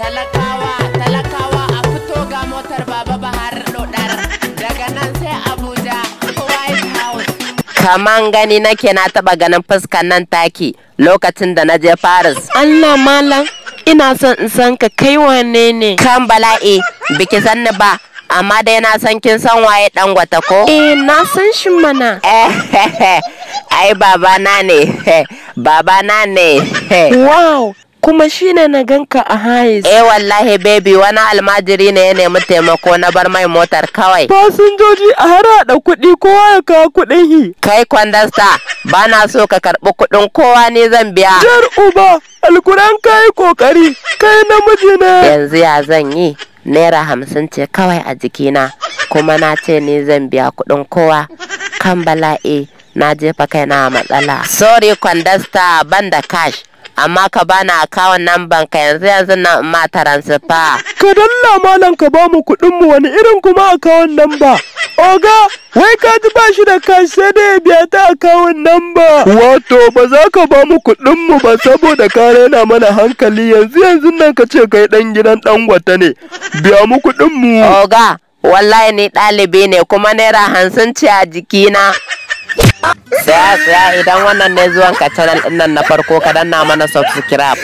talakawa talakawa a fito ga motar baba bahar lodar daga nan sai abuja white house kaman gani nake na taba ganin fuskan nan taki lokacin da na je faris. allah malam ina son in san ka kai wane ne kan bala'i biki sanni ba amma dai na san kin san waye dan gwata ko eh na san shi mana ai baba na ne baba na ne wow kuma shine na ganka a hayes eh wallahi baby wani almajiri ne ya nemi taimako na bar mai motar kawai fasinjoji a da kuɗi kowa ya kawo kuɗin hi kai kwandasta ba na so ka karɓi kuɗin kowa ne zan biya jar uba alkuran kai kokari kai namiji ne yanzu ya zan yi naira hamsin ce kawai a jikina kuma na ce ni zan biya kuɗin kowa kan bala'i na jefa kaina a matsala sorry kwandasta ban da cash amma ka bani akawun nan banka yanzu yanzu nan in ma taransifa. Ka dalla malam ka bamu kuɗin mu wani irin kuma akawun nan ba. Oga, wai ka ji ba shi da kashi sai dai ya biya ta akawun nan ba. Wato ba za ka ba mu kuɗin mu ba saboda ka raina mana hankali yanzu yanzu nan ka ce kai ɗan gidan ɗan wata ne. Biya mu kuɗin mu. Oga, wallahi ni ɗalibi ne kuma naira hamsin ce a jikina. Saya saya idan wannan ne zuwan ka channel ɗin nan na farko ka danna mana subscribe.